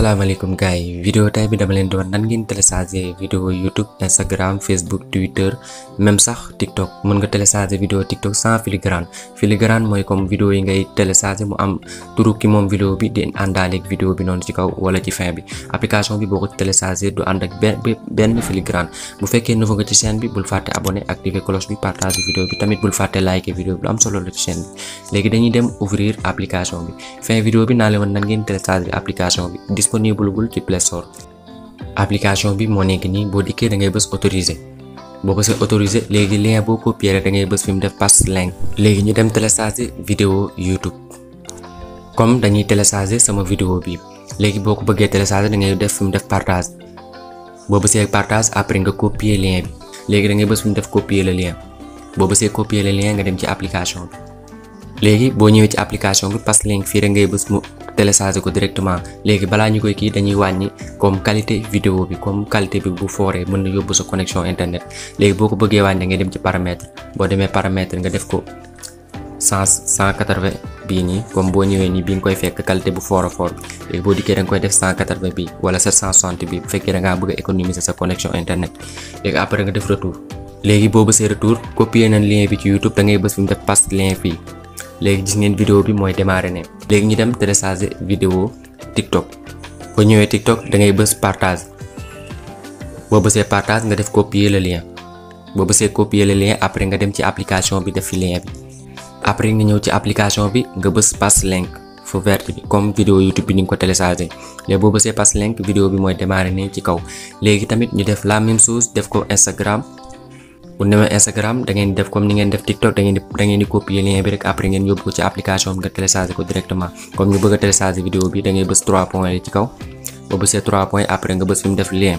asalaamaaleykum gars yi vidéo tay bi dama leen doon nan ngeen télécharger vidéo YouTube Instagram Facebook Twitter même sax TikTok mën nga télécharger vidéo TikTok sans filigrane filigrane mooy comme vidéo yi ngay télécharger mu am turu ki moom vidéo bi di àndaaleeg vidéo bi noonu ci kaw wala ci fin bi application bi boo ko télécharger du ànd ak benn filigrane bu fekkee nouveau nga ci chaîne bi bul fàtte abonné activer cloche bi partager vidéo bi tamit bul fàtte liker vidéo bi lu bi disponible gul ci Play Store application bi moo nekk nii boo dikkee da ngay bës autorisé boo ko see autorisé léegi lien boo copier da ngay bës fi mu def paste link léegi ñu dem télécharger vidéo YouTube comme dañuy télécharger sama vidéo bi léegi boo ko bëggee télécharger da ngay def fi mu def partage boo bësee partage après nga copier lien bi léegi da ngay bës fi mu def copier le lien boo bësee copier le lien nga dem ci application bi léegi boo ñëwee ci application bi paste link fii rek bës mu télécharger ko directement léegi balaa ñu koy kii dañuy wàññi comme qualité vidéo bi comme qualité bu fooree mën na yóbbu sa connexion internet léegi boo ko bëggee wàññi da dem ci paramètre boo demee paramètre nga def ko bi nga a foor bi léegi boo dikkee da nga koy def cent bi bu fekkee da ngaa bëgg a économiser sa connexion internet léegi après nga def retour léegi boo bësee retour copier nañ lien bi ci YouTube da bës fi mu def paste lien fii léegi gis ngeen bi mooy léegi ñu dem télécharger vidéo TikTok boo ñëwee TikTok da ngay bës partage boo bësee partage nga def copier le lien boo bësee copier le lien après nga dem ci application bi def fi lien bi après nga ñëw ci application bi nga bës pass link fu vert bi comme vidéo YouTube bi ni nga ko télécharger léegi boo bësee pass link vidéo bi mooy démarrer nii ci kaw léegi tamit ñu def la même def ko Instagram. bu demee Instagram da ngeen def comme ngeen def TikTok da ngeen di da ngeen di copier lien bi rek après ngeen yóbbu ko ci application bi nga télécharger ko directement comme ñu bëgg a télécharger vidéo bi da ngay bës 3 mu def lien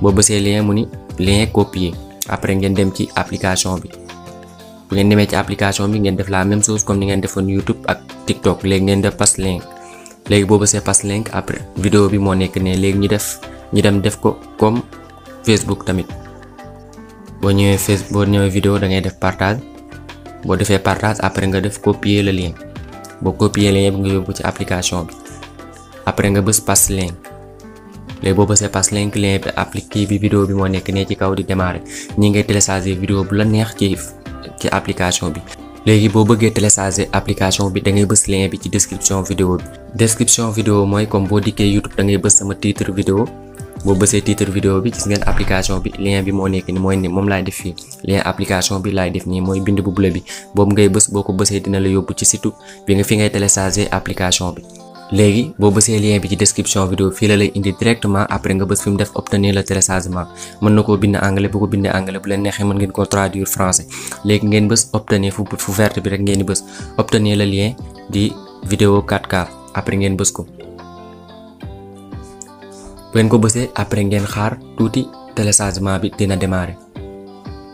boo bësee après ngeen dem ci application bi bu ngeen demee ci application bi ngeen def la même chose comme ni ngeen defoon YouTube ak TikTok léegi ngeen def pass lien léegi boo bësee pass lien après vidéo bi moo nekk ne léegi ñu def ñu dem def ko comme Facebook tamit. boo ñëwee face boo ñëwee video da ngay def partage boo defee partage après nga def copier le lien boo copier lien bi nga yóbbu ci application bi après nga bës pass lien léegi boo bësee pass lien lien bi appliqué bi vidéo bi moo nekk ne ci kaw di démarrer ñi ngay télécharger vidéo bu la neex ci ci application bi. léegi boo bëggee télécharger application bi da ngay bës lien bi ci description video bi description vidéo mooy comme boo dikkee YouTube da ngay bës sama titre vidéo boo bësee titre vidéo bi gis ngeen application bi lien bi moo nekk ni ni moom laay def fii lien application bi laay def nii mooy bind bu bleu bi boobu ngay bës boo ko bësee dina la yóbbu ci site bi nga fi ngay télécharger application bi léegi boo bësee lien bi ci description bi fii la lay indi directement après nga bës fi mu def obtenir le téléchargement mën na koo bind anglais bu ko bindee anglais bu leen neexee mën ngeen koo traduire français léegi ngeen bës obtenir fu fu rek ngeen di bës obtenir le di vidéo 4 après ngeen bës ko bu ngeen ko bësee après ngeen xaar tuuti téléchargement bi dina démarrer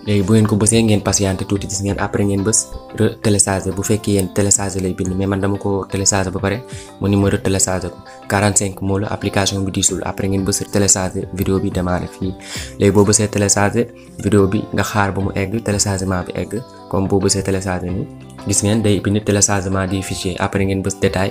léegi bu ngeen ko bësee ngeen patienter tuuti gis ngeen après ngeen bës retélécharger bu fekkee yéen télécharger lay bind mais man dama ko télécharger ba pare mu ni ma retélécharger ko 45 moo la application bi diisul après ngeen bës télécharger vidéo bi démarrer fii léegi boo bësee télécharger vidéo bi nga xaar ba mu egg téléchargement bi egg comme boo bësee télécharger ni gis ngeen day bind téléchargement di fichier après ngeen bës détail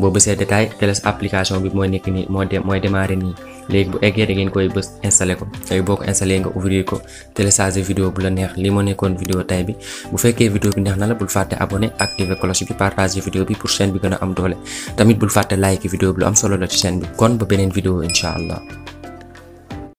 boo bësee détail keles application bi mooy nekk nii moo de mooy démarrer nii léegi bu eggee da ngeen koy bës installé ko tey boo ko installé nga ouvrir ko télécharger vidéo bu la neex li moo nekkoon vidéo tay bi bu fekkee vidéo bi neex na la bul fàtte abonné activer cloche bi partager vidéo bi pour chaîne bi gën a am doole tamit bul fàtte like vidéo bi lu am solo la ci chaîne bi kon ba beneen vidéo incha allah